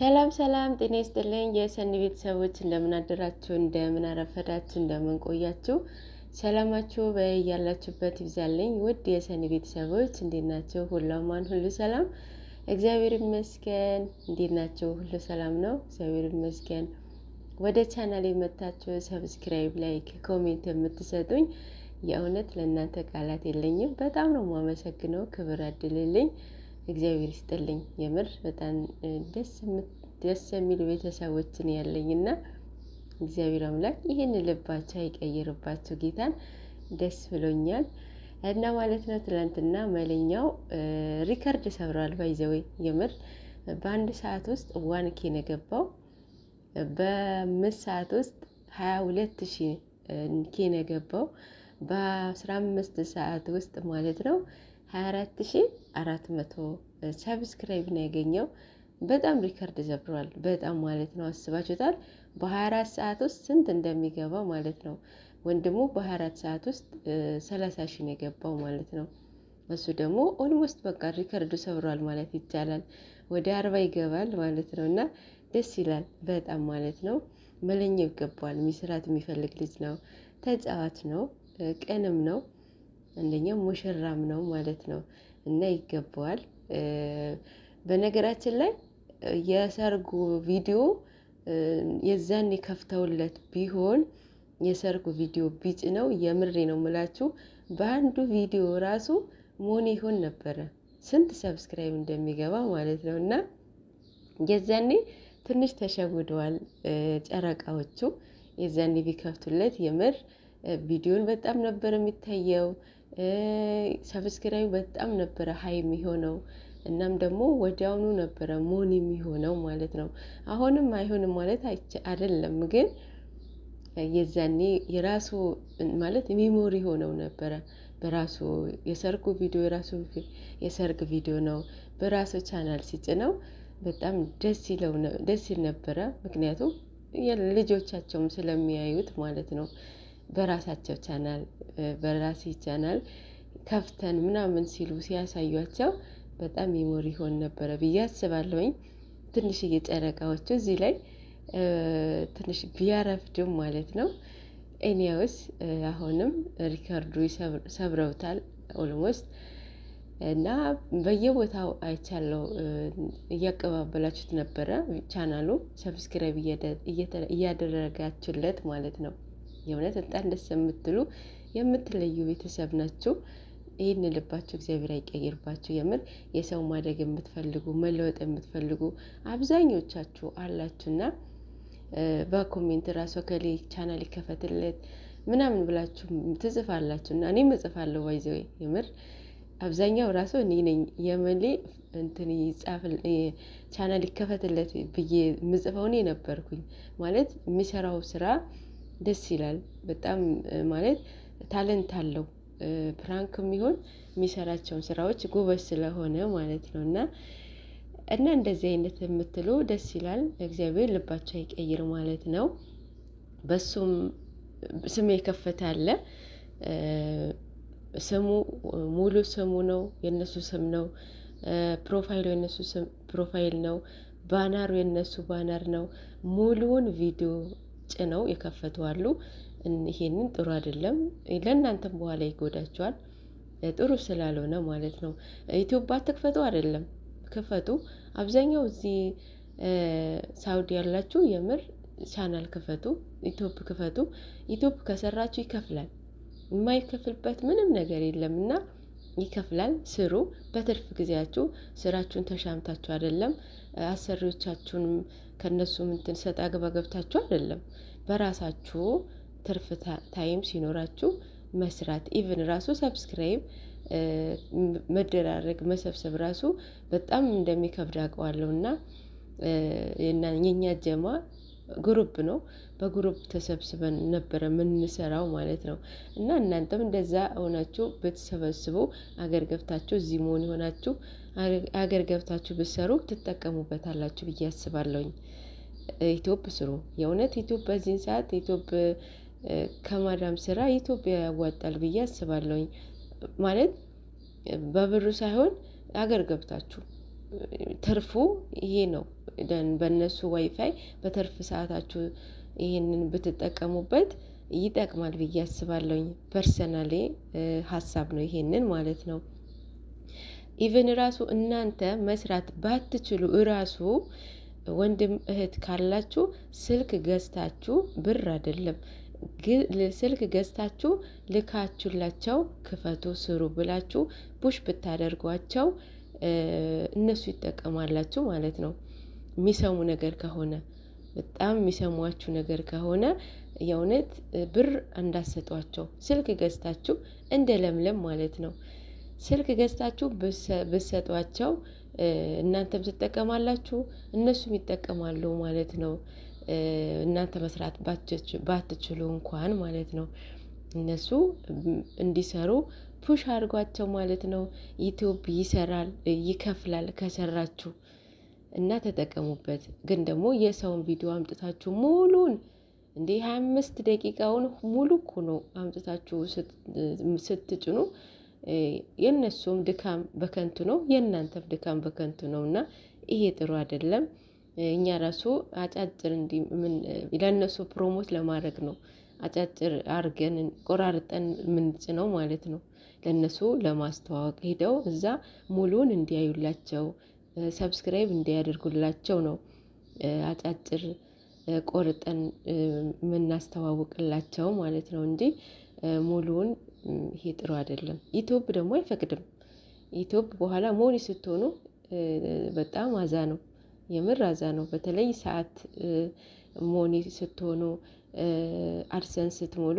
ሰላም ሰላም፣ ጤና ይስጥልኝ የሰኒ ቤተሰቦች፣ እንደምን አደራችሁ፣ እንደምን አረፈዳችሁ፣ እንደምን ቆያችሁ? ሰላማችሁ በያላችሁበት ይብዛልኝ። ውድ የሰኒ ቤተሰቦች እንዴት ናቸው? ሁላማን ሁሉ ሰላም እግዚአብሔር ይመስገን። እንዴት ናቸው? ሁሉ ሰላም ነው፣ እግዚአብሔር ይመስገን። ወደ ቻናል የመታችሁ ሰብስክራይብ፣ ላይክ፣ ኮሜንት የምትሰጡኝ የእውነት ለእናንተ ቃላት የለኝም። በጣም ነው የማመሰግነው። ክብር አድልልኝ እግዚአብሔር ይስጥልኝ። የምር በጣም ደስ የሚሉ ቤተሰቦችን ያለኝ እና እግዚአብሔር አምላክ ይህን ልባቸው አይቀይርባቸው። ጌታን ደስ ብሎኛል እና ማለት ነው። ትናንትና መለኛው ሪከርድ ሰብሯል። ባይዘወይ የምር በአንድ ሰዓት ውስጥ ዋን ኬን የገባው በአምስት ሰዓት ውስጥ ሀያ ሁለት ሺ ኬን የገባው በአስራ አምስት ሰዓት ውስጥ ማለት ነው 24400 ሰብስክራይብ ነው ያገኘው። በጣም ሪከርድ ዘብሯል። በጣም ማለት ነው አስባችሁታል። በ24 ሰዓት ውስጥ ስንት እንደሚገባ ማለት ነው። ወንድሙ በ24 ሰዓት ውስጥ 30 ሺህ ነው የገባው ማለት ነው። እሱ ደግሞ ኦልሞስት በቃ ሪከርዱ ሰብሯል ማለት ይቻላል። ወደ አርባ ይገባል ማለት ነው። እና ደስ ይላል በጣም ማለት ነው። መለኛው ይገባዋል። ሚስራት የሚፈልግ ልጅ ነው። ተጫዋች ነው። ቅንም ነው። አንደኛው ሙሽራም ነው ማለት ነው እና ይገባዋል። በነገራችን ላይ የሰርጉ ቪዲዮ የዛኔ ከፍተውለት ቢሆን የሰርጉ ቪዲዮ ቢጭ ነው የምሬ ነው ምላችሁ። በአንዱ ቪዲዮ ራሱ ሞኔ ይሆን ነበረ ስንት ሰብስክራይብ እንደሚገባ ማለት ነው። እና የዛኔ ትንሽ ተሸውደዋል ጨረቃዎቹ። የዛኔ ቢከፍቱለት የምር ቪዲዮን በጣም ነበር የሚታየው። ሰብስክራይብ በጣም ነበረ ሀይ የሚሆነው እናም ደግሞ ወዲያውኑ ነበረ ሞን የሚሆነው ማለት ነው። አሁንም አይሆንም ማለት አይደለም፣ ግን የዛኔ የራሱ ማለት ሜሞሪ ሆነው ነበረ። በራሱ የሰርጉ ቪዲዮ የራሱ የሰርግ ቪዲዮ ነው በራሱ ቻናል ሲጭነው በጣም ደስ ይለው ደስ ይል ነበረ። ምክንያቱም ልጆቻቸውም ስለሚያዩት ማለት ነው። በራሳቸው ቻናል በራሴ ቻናል ከፍተን ምናምን ሲሉ ሲያሳዩቸው በጣም ሜሞሪ ይሆን ነበረ ብዬ አስባለሁኝ። ትንሽዬ እየጨረቃዎቹ እዚህ ላይ ትንሽ ቢያረፍድም ማለት ነው። ኤኒያውስ አሁንም ሪከርዱ ሰብረውታል ኦልሞስት እና በየቦታው አይቻለው እያቀባበላችሁት ነበረ ቻናሉ ሰብስክራይብ እያደረጋችሁለት ማለት ነው። የእውነት በጣም ደስ የምትሉ የምትለዩ ቤተሰብ ናችሁ። ይህን ልባችሁ እግዚአብሔር አይቀይርባችሁ። የምር የሰው ማደግ የምትፈልጉ መለወጥ የምትፈልጉ አብዛኞቻችሁ አላችሁና በኮሜንት ራሱ ከሌ ቻናል ይከፈትለት ምናምን ብላችሁ ትጽፋላችሁ እና እኔም እጽፋለሁ። ዋይዘ የምር አብዛኛው ራሱ እኔ ነኝ የመሌ እንትን ይጻፍ ቻናል ይከፈትለት ብዬ ምጽፈውን ነበርኩኝ ማለት የሚሰራው ስራ ደስ ይላል። በጣም ማለት ታለንት አለው። ፕራንክ የሚሆን የሚሰራቸውን ስራዎች ጎበዝ ስለሆነ ማለት ነው እና እና እንደዚህ አይነት የምትሉ ደስ ይላል። እግዚአብሔር ልባቸው አይቀይር ማለት ነው። በሱም ስም የከፈተ አለ። ስሙ ሙሉ ስሙ ነው፣ የነሱ ስም ነው። ፕሮፋይሉ የነሱ ፕሮፋይል ነው። ባነሩ የነሱ ባነር ነው። ሙሉውን ቪዲዮ ጭነው የከፈቱ አሉ። ይሄንን ጥሩ አይደለም። ለእናንተም በኋላ ይጎዳቸዋል። ጥሩ ስላልሆነ ማለት ነው። ኢትዮጵያ ትክፈቱ አይደለም፣ ክፈቱ። አብዛኛው እዚህ ሳውዲ ያላችሁ የምር ቻናል ክፈቱ፣ ኢትዮፕ ክፈቱ። ኢትዮፕ ከሰራችሁ ይከፍላል። የማይከፍልበት ምንም ነገር የለም እና ይከፍላል። ስሩ። በትርፍ ጊዜያችሁ ስራችሁን ተሻምታችሁ አይደለም፣ አሰሪዎቻችሁንም ከነሱ እንትን ሰጥ አገባ ገብታችሁ አይደለም። በራሳችሁ ትርፍ ታይም ሲኖራችሁ መስራት ኢቭን ራሱ ሰብስክራይብ መደራረግ መሰብሰብ ራሱ በጣም እንደሚከብድ አውቀዋለሁ እና የእኛ ጀማ ግሩፕ ነው። በግሩፕ ተሰብስበን ነበረ የምንሰራው ማለት ነው። እና እናንተም እንደዛ ሆናችሁ ብትሰበስቡ አገር ገብታችሁ እዚህ መሆን የሆናችሁ አገር ገብታችሁ ብትሰሩ ትጠቀሙበታላችሁ ብዬ አስባለሁኝ። ኢትዮፕ ስሩ። የእውነት ኢትዮፕ በዚህን ሰዓት ኢትዮፕ ከማዳም ስራ ኢትዮጵያ ያዋጣል ብዬ አስባለሁኝ። ማለት በብሩ ሳይሆን አገር ገብታችሁ ትርፉ ይሄ ነው። በእነሱ ዋይፋይ በትርፍ ሰዓታችሁ ይሄንን ብትጠቀሙበት ይጠቅማል ብዬ አስባለሁኝ። ፐርሰናሌ ሀሳብ ነው ይሄንን ማለት ነው። ኢቨን ራሱ እናንተ መስራት ባትችሉ እራሱ ወንድም እህት ካላችሁ ስልክ ገዝታችሁ ብር አይደለም ስልክ ገዝታችሁ ልካችሁላቸው ክፈቱ ስሩ ብላችሁ ቡሽ ብታደርጓቸው እነሱ ይጠቀማላችሁ ማለት ነው። የሚሰሙ ነገር ከሆነ በጣም የሚሰሟችሁ ነገር ከሆነ የእውነት ብር እንዳሰጧቸው ስልክ ገዝታችሁ እንደ ለምለም ማለት ነው። ስልክ ገዝታችሁ ብሰጧቸው እናንተም ትጠቀማላችሁ፣ እነሱም ይጠቀማሉ ማለት ነው። እናንተ መስራት ባትችሉ እንኳን ማለት ነው እነሱ እንዲሰሩ ፑሽ አድርጓቸው ማለት ነው። ዩቲዩብ ይሰራል፣ ይከፍላል ከሰራችሁ እና ተጠቀሙበት። ግን ደግሞ የሰውን ቪዲዮ አምጥታችሁ ሙሉን እንዲህ ሀያ አምስት ደቂቃውን ሙሉ እኮ ነው አምጥታችሁ ስትጭኑ የእነሱም ድካም በከንቱ ነው፣ የእናንተም ድካም በከንቱ ነው እና ይሄ ጥሩ አይደለም። እኛ ራሱ አጫጭር ለእነሱ ፕሮሞት ለማድረግ ነው አጫጭር አርገን ቆራርጠን የምንጭነው ማለት ነው። ለእነሱ ለማስተዋወቅ ሄደው እዛ ሙሉን እንዲያዩላቸው ሰብስክራይብ እንዲያደርጉላቸው ነው። አጫጭር ቆርጠን የምናስተዋውቅላቸው ማለት ነው እንጂ ሙሉውን ይሄ ጥሩ አይደለም። ዩቲዩብ ደግሞ አይፈቅድም። ዩቲዩብ በኋላ ሞኒ ስትሆኑ በጣም አዛ ነው፣ የምር አዛ ነው። በተለይ ሰዓት ሞኒ ስትሆኑ አድሰን ስትሞሉ